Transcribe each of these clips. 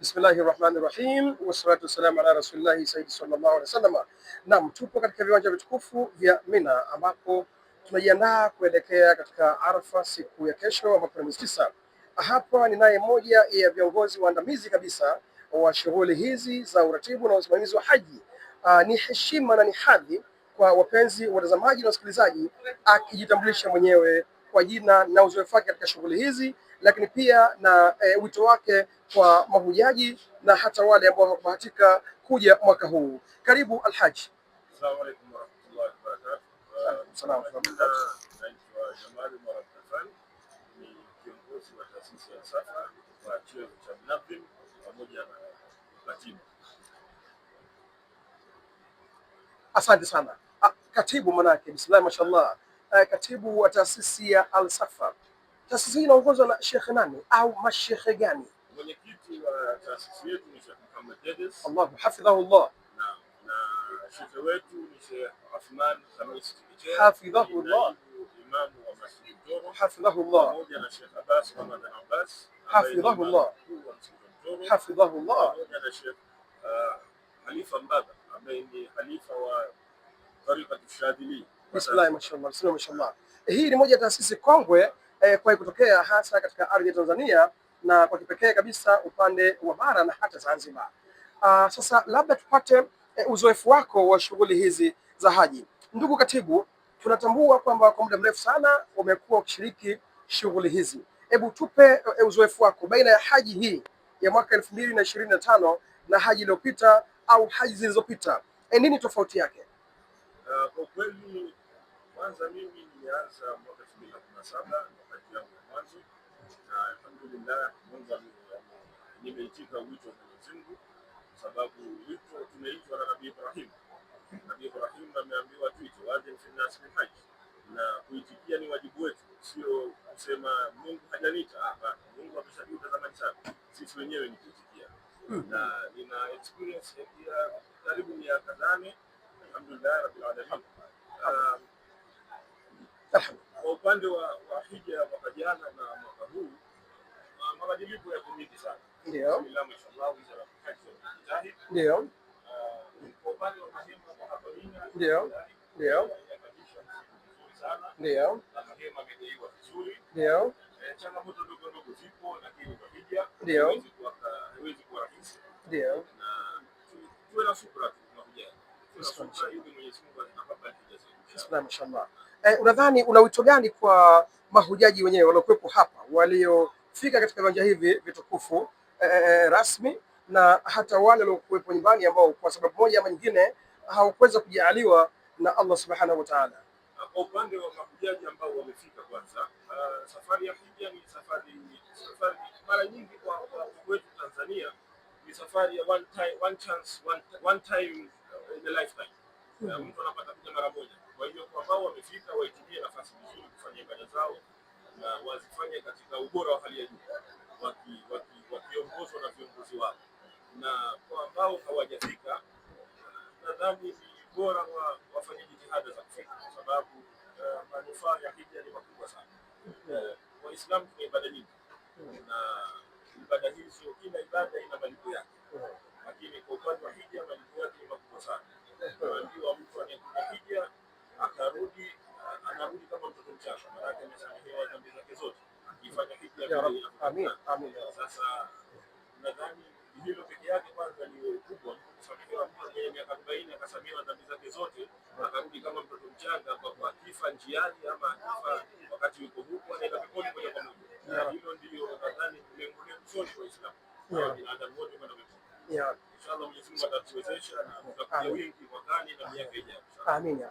Bismillahi rahmani rahim, wassalatu wassalamu ala rasulillahi sayyidi sallallahu alaihi wasallam. Naam, tupo katika viwanja vitukufu vya Mina ambapo tunajiandaa kuelekea katika Arafa siku ya kesho ambapo ni mwezi tisa. Hapa ni naye moja ya viongozi waandamizi kabisa wa shughuli hizi za uratibu na usimamizi wa haji. Aa, ah, ni heshima na ni hadhi kwa wapenzi watazamaji na wasikilizaji akijitambulisha mwenyewe kwa jina na uzoefu wake katika shughuli hizi lakini pia na e, wito wake kwa mahujaji na hata wale ambao hawakubahatika kuja mwaka huu. Karibu Alhaji. Asante sana ah, katibu, manake bismillah, mashallah, eh, katibu wa taasisi ya Al-Safa Taasisi hii inaongozwa na shekhe nani au mashekhe gani? Mwenyekiti wa taasisi yetu ni Sheikh Muhammad Jedes. Allah hafidhahu Allah. Na na shekhe wetu ni Sheikh Uthman Khamis Kijeje. Hafidhahu Allah. Imam wa Masjid Doro. Hafidhahu Allah. Pamoja na Sheikh Abbas Muhammad Abbas. Hafidhahu Allah. Hafidhahu Allah. Pamoja na Sheikh Halifa Mbaba ambaye ni halifa wa tariqa Shadili. Bismillah, mashallah. Bismillah, mashallah. Hii ni moja ya taasisi kongwe eh, kwa kutokea hasa katika ardhi ya Tanzania na kwa kipekee kabisa upande wa bara na hata Zanzibar. Uh, sasa labda tupate eh, uzoefu wako wa shughuli hizi za haji. Ndugu katibu, tunatambua kwamba kwa muda mrefu sana umekuwa ukishiriki shughuli hizi. Hebu tupe eh, uzoefu wako baina ya haji hii ya mwaka elfu mbili na ishirini na tano na haji iliyopita au haji zilizopita, e, nini tofauti yake? Ah, kwa kweli, kwanza mimi nilianza mwaka elfu mbili na kumi na saba Alhamdulillah, Mungu nimeitika wito wa Mwenyezi Mungu, sababu wito tumeitwa na Nabii Ibrahim. Nabii Ibrahim ameambiwa tuite waadhin finnasi na kuitikia ni wajibu wetu, sio kusema Mungu hajanita. Hapana, Mungu ameshajuta zamani sana, sisi wenyewe ni kuitikia. Na nina experience ya karibu miaka nane, alhamdulillah rabbil alamin. Um, kwa upande wa hija ya mwaka jana na mwaka huu mabadiliko sana. Ndio. Ndio. Uh, ndio. Ndio. Ndio. Ndio. Eh, changamoto ndogo ndogo zipo, lakini ndio haiwezi kuwa rahisi. Ndio. Tuwe na subira tu tunakuja. mashallah. Eh, unadhani una wito gani kwa mahujaji wenyewe waliokuwepo hapa walio fika katika viwanja hivi vitukufu eh, eh, eh, rasmi na hata wale waliokuwepo nyumbani ambao kwa sababu moja ama nyingine hawakuweza kujaaliwa na Allah subhanahu wa ta'ala. Kwa upande wa mahujaji ambao wamefika kwanza, uh, safari ya hija ni safari, safari mara nyingi kwa wetu Tanzania ni safari ya one time, one chance, one, one time in a lifetime. Hmm. Mtu anapata kuja mara moja. Kwa hiyo kwa ambao wamefika waitumie nafasi vizuri kufanya ibada zao uh, wazifanye katika ubora wa hali ya juu wakiongozwa waki, waki na viongozi wao, na kwa ambao hawajafika nadhani ni bora wafanye Sasa nadhani hilo peke yake kwanza ni kubwa, miaka arobaini akasamehewa dhambi zake zote, akarudi kama mtoto mchanga, kwa akifa njiani ama akifa wakati yuko huko anaenda peponi moja kwa moja, na hilo ndio nadhani lengo letu sote binadamu wote kwenda peponi. Inshallah Mwenyezi Mungu atatuwezesha na tutakuja mwakani na miaka ijayo. Amina.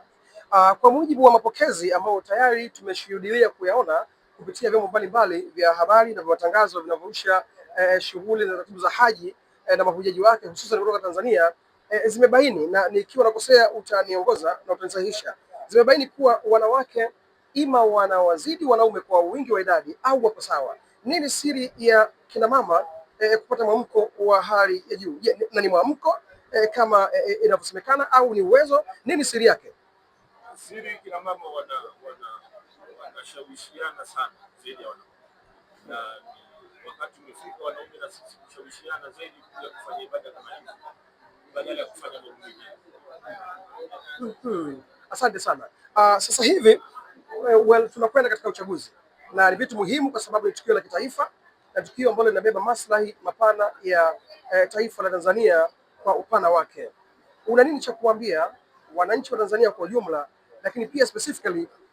Ah, kwa mujibu wa mapokezi ambayo tayari tumeshuhudia kuyaona kupitia vyombo mbalimbali vya habari na vya matangazo vinavyorusha eh, shughuli na taratibu za haji eh, na mahujaji wake hususan kutoka Tanzania eh, zimebaini na nikiwa nakosea utaniongoza na utanisahihisha, zimebaini kuwa wanawake ima wanawazidi wanaume kwa wingi wa idadi au wako sawa. Nini siri ya kina mama eh, kupata mwamko wa hali ya juu? Je, na ni mwamko eh, kama eh, eh inavyosemekana au ni uwezo? Nini siri yake? Siri kina mama wana tunashawishiana sana zaidi ya wanaume, na wakati umefika wanaume na sisi kushawishiana zaidi kuja kufanya ibada kama hizi badala ya kufanya mambo mengine. Hmm, asante sana. Uh, sasa hivi well, tunakwenda katika uchaguzi na ni vitu muhimu kwa sababu ni tukio la kitaifa na tukio ambalo linabeba maslahi mapana ya eh, taifa la Tanzania kwa upana wake. Una nini cha kuambia wananchi wa Tanzania kwa ujumla, lakini pia specifically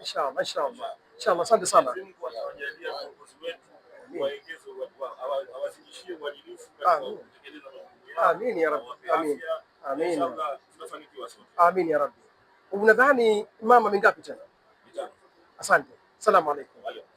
Inshallah, asante sana. Amin ya Rabbi. Amin. Amin. Amin ya Rabbi. Unadhani mama mingapi tena? Asante. salamu alaykum.